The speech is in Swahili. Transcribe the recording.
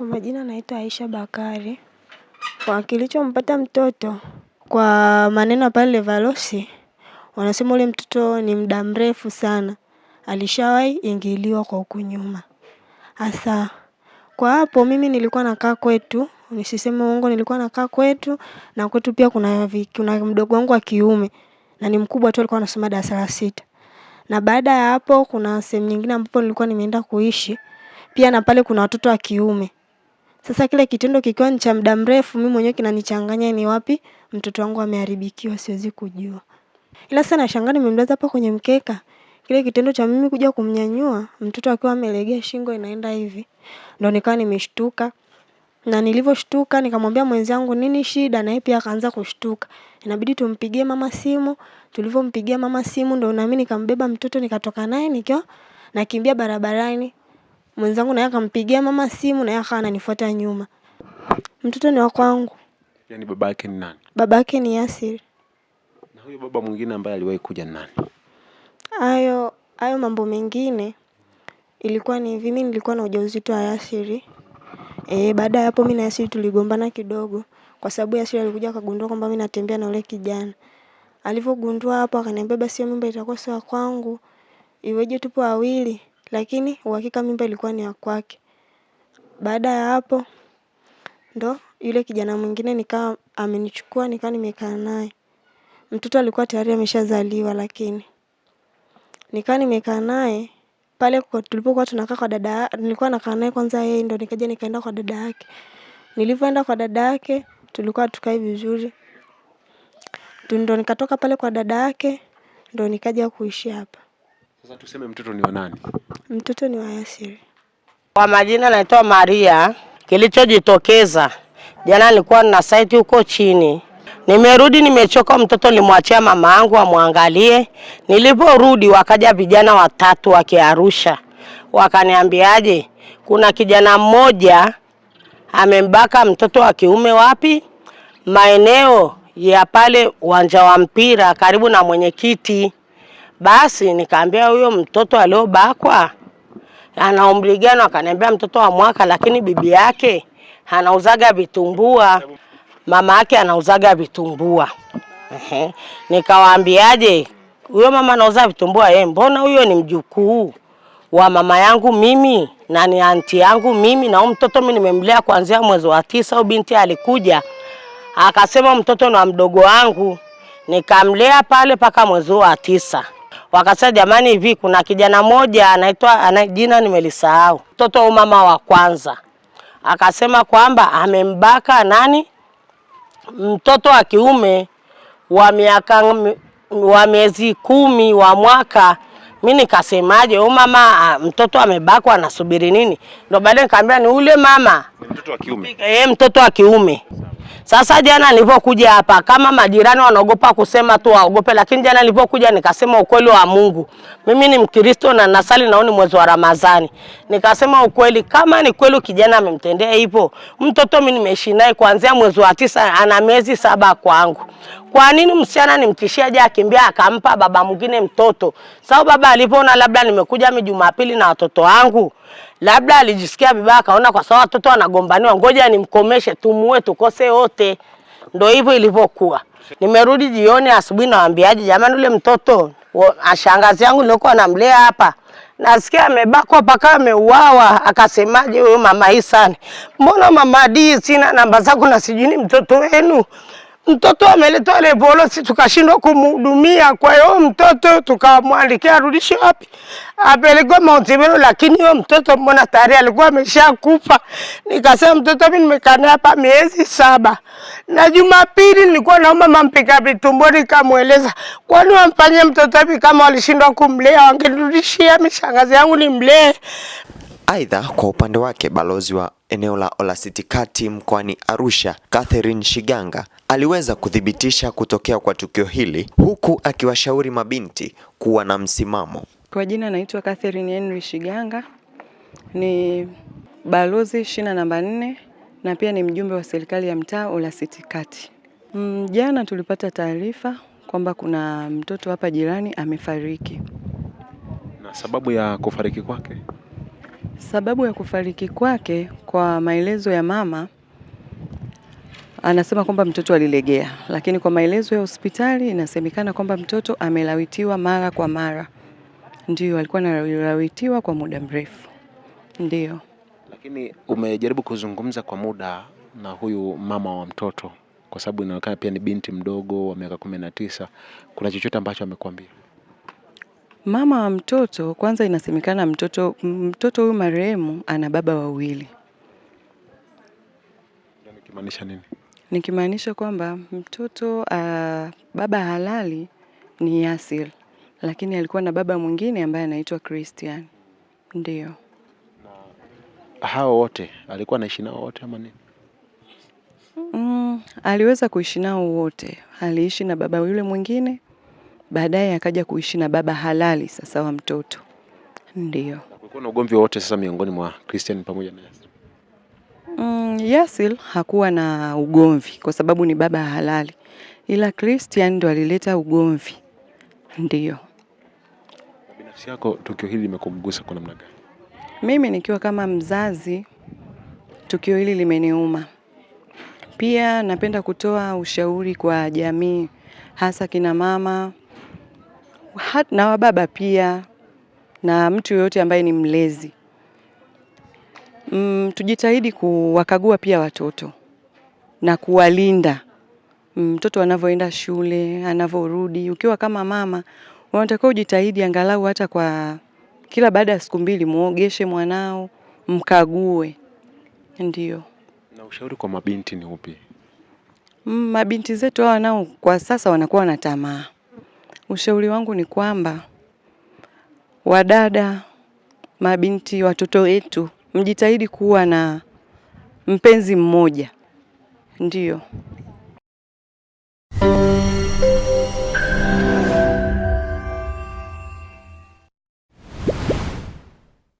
Kwa majina naitwa Aisha Bakari. Kwa kilichompata mtoto kwa maneno pale Valosi, wanasema ule mtoto ni muda mrefu sana, alishawahi ingiliwa kwa huku nyuma. Hasa kwa hapo, mimi nilikuwa nakaa kwetu, nisiseme uongo, nilikuwa nakaa kwetu na kwetu pia kuna kuna mdogo wangu wa kiume na ni mkubwa tu, alikuwa anasoma darasa la sita. Na baada ya hapo, kuna sehemu nyingine ambapo nilikuwa nimeenda kuishi pia, na pale kuna watoto wa kiume sasa kile kitendo kikiwa ni cha muda mrefu, mimi mwenyewe kinanichanganya, ni wapi mtoto wangu ameharibikiwa, siwezi kujua. Ila sasa nashangaa nimemlaza hapa kwenye mkeka, kile kitendo cha mimi kuja kumnyanyua mtoto akiwa amelegea shingo inaenda hivi, ndo nikawa nimeshtuka na nilivyoshtuka nikamwambia mwenzangu nini shida, na yeye pia akaanza kushtuka, inabidi tumpigie mama simu. Tulivyompigia mama simu, ndo nami nikambeba mtoto nikatoka naye nikiwa nakimbia barabarani mwenzangu naye akampigia mama simu, naye akawa ananifuata nyuma. Mtoto ni wa kwangu. Yaani baba yake ni nani? Baba yake ni Yasir. Na huyo baba mwingine ambaye aliwahi kuja ni nani? Hayo hayo mambo mengine ilikuwa ni hivi, mimi nilikuwa na ujauzito wa Yasir. Eh, baada ya hapo mimi na Yasir tuligombana kidogo kwa sababu Yasir alikuja akagundua kwamba mimi natembea na yule kijana. Alivyogundua hapo akaniambia basi hiyo mimba itakuwa sio kwangu. Iweje tupo wawili? Lakini uhakika mimba ilikuwa ni ya kwake. Baada ya hapo ndo yule kijana mwingine nikawa amenichukua nikawa nimekaa naye. Mtoto alikuwa tayari ameshazaliwa lakini nikawa nimekaa naye pale tulipokuwa tunakaa kwa dada nilikuwa nakaa naye kwanza yeye ndo nikaja nikaenda kwa dada yake. Nilivyoenda kwa dada yake tulikuwa tukae vizuri. Ndo nikatoka pale kwa dada yake ndo nikaja kuishi hapa. Sasa tuseme mtoto ni wa nani? Mtoto ni wa Yasir. Kwa majina naitwa Maria. Kilichojitokeza jana, nilikuwa na site huko chini, nimerudi nimechoka. Mtoto nilimwachia mama yangu amwangalie. Niliporudi wakaja vijana watatu wa Kiarusha, wakaniambiaje, kuna kijana mmoja amembaka mtoto wa kiume wapi, maeneo ya pale uwanja wa mpira karibu na mwenyekiti basi nikaambia huyo mtoto aliobakwa ana umri gani? Akaniambia mtoto wa mwaka, lakini bibi yake anauzaga vitumbua, mama yake anauzaga vitumbua. Ehe, nikawaambiaje, huyo mama anauza vitumbua eh, mbona huyo ni mjukuu wa mama yangu mimi na ni anti yangu mimi, na huyo mtoto mimi nimemlea kuanzia mwezi wa tisa. Huyu binti alikuja akasema mtoto wa mdogo wangu, nikamlea pale mpaka mwezi wa tisa wakasema jamani, hivi kuna kijana mmoja anaitwa ana, jina nimelisahau, mtoto wa mama wa kwanza akasema kwamba amembaka nani, mtoto wa kiume wa miaka wa miezi kumi wa mwaka. Mi nikasemaje, huyu mama mtoto amebakwa anasubiri nini? Ndo baadaye nikamwambia ni ule mama mtoto wa kiume, eh, mtoto wa kiume. Sasa jana nilipokuja hapa, kama majirani wanaogopa kusema tu waogope, lakini jana nilipokuja nikasema ukweli wa Mungu. Mimi ni Mkristo na nasali naoni mwezi wa Ramadhani, nikasema ukweli. Kama ni kweli kijana amemtendea hivyo mtoto, mimi nimeishi naye kuanzia mwezi wa tisa, ana miezi saba kwangu. Kwa nini msichana nimtishia je akimbia akampa baba mwingine mtoto? Sababu baba alipoona labda nimekuja mimi Jumapili na watoto wangu, labda alijisikia vibaya, akaona kwa sababu watoto wanagombaniwa, ngoja nimkomeshe, tumue, tukose wote. Ndio hivyo ilivyokuwa. Nimerudi jioni, asubuhi nawaambiaje, jamani, ule mtoto ashangazi yangu nilikuwa namlea hapa nasikia amebakwa mpaka ameuawa. Akasemaje huyo mama Hisani, mbona mama Dii, sina namba zako na sijui ni mtoto wenu mtoto ameleta levolesi tukashindwa kumhudumia. Kwa hiyo mtoto tukamwandikia arudishe wapi, apelekwa Mount Meru, lakini huyo mtoto mbona tayari alikuwa ameshakufa. Nikasema mtoto mimi nimekaa hapa miezi saba, na Jumapili nilikuwa naomba mampika vitumbo, nikamweleza kwani wamfanyia mtoto hivi kama walishindwa kumlea, wangenirudishia mishangazi yangu nimlee. Aidha, kwa upande wake balozi wa eneo la olasitikati Kati mkoani Arusha, Catherine Shiganga aliweza kuthibitisha kutokea kwa tukio hili huku akiwashauri mabinti kuwa na msimamo. Kwa jina naitwa Catherine Henry Shiganga, ni balozi shina namba nne na pia ni mjumbe wa serikali ya mtaa olasitikati Kati. Mm, jana tulipata taarifa kwamba kuna mtoto hapa jirani amefariki. Na sababu ya kufariki kwake Sababu ya kufariki kwake kwa maelezo ya mama anasema kwamba mtoto alilegea, lakini kwa maelezo ya hospitali inasemekana kwamba mtoto amelawitiwa mara kwa mara. ndio alikuwa analawitiwa kwa muda mrefu. Ndiyo. Lakini umejaribu kuzungumza kwa muda na huyu mama wa mtoto, kwa sababu inaonekana pia ni binti mdogo wa miaka kumi na tisa. Kuna chochote ambacho amekuambia Mama wa mtoto kwanza inasemekana mtoto mtoto huyu marehemu ana baba wawili. Nikimaanisha nini? Nikimaanisha kwamba mtoto uh, baba halali ni Yasir, lakini alikuwa na baba mwingine ambaye anaitwa Christian. Ndiyo. Hao wote alikuwa anaishi nao wote ama nini? Mm, aliweza kuishi nao wote. Aliishi na baba yule mwingine baadaye akaja kuishi na baba halali sasa wa mtoto. Ndio kulikuwa na ugomvi wote sasa miongoni mwa Christian pamoja na Yasil? Mm, Yasil hakuwa na ugomvi kwa sababu ni baba halali, ila Christian ndo alileta ugomvi. Ndio. Binafsi yako tukio hili limekugusa kwa namna gani? Mimi nikiwa kama mzazi, tukio hili limeniuma. Pia napenda kutoa ushauri kwa jamii, hasa kina mama na wababa pia na mtu yoyote ambaye ni mlezi mm, tujitahidi kuwakagua pia watoto na kuwalinda mm, mtoto mm, anavyoenda shule, anavyorudi. Ukiwa kama mama unatakiwa ujitahidi angalau hata kwa kila baada ya siku mbili muogeshe mwanao, mkague. ndio Na ushauri kwa mabinti ni upi? Mm, mabinti zetu hawa nao kwa sasa wanakuwa na tamaa Ushauri wangu ni kwamba wadada, mabinti, watoto wetu mjitahidi kuwa na mpenzi mmoja, ndiyo.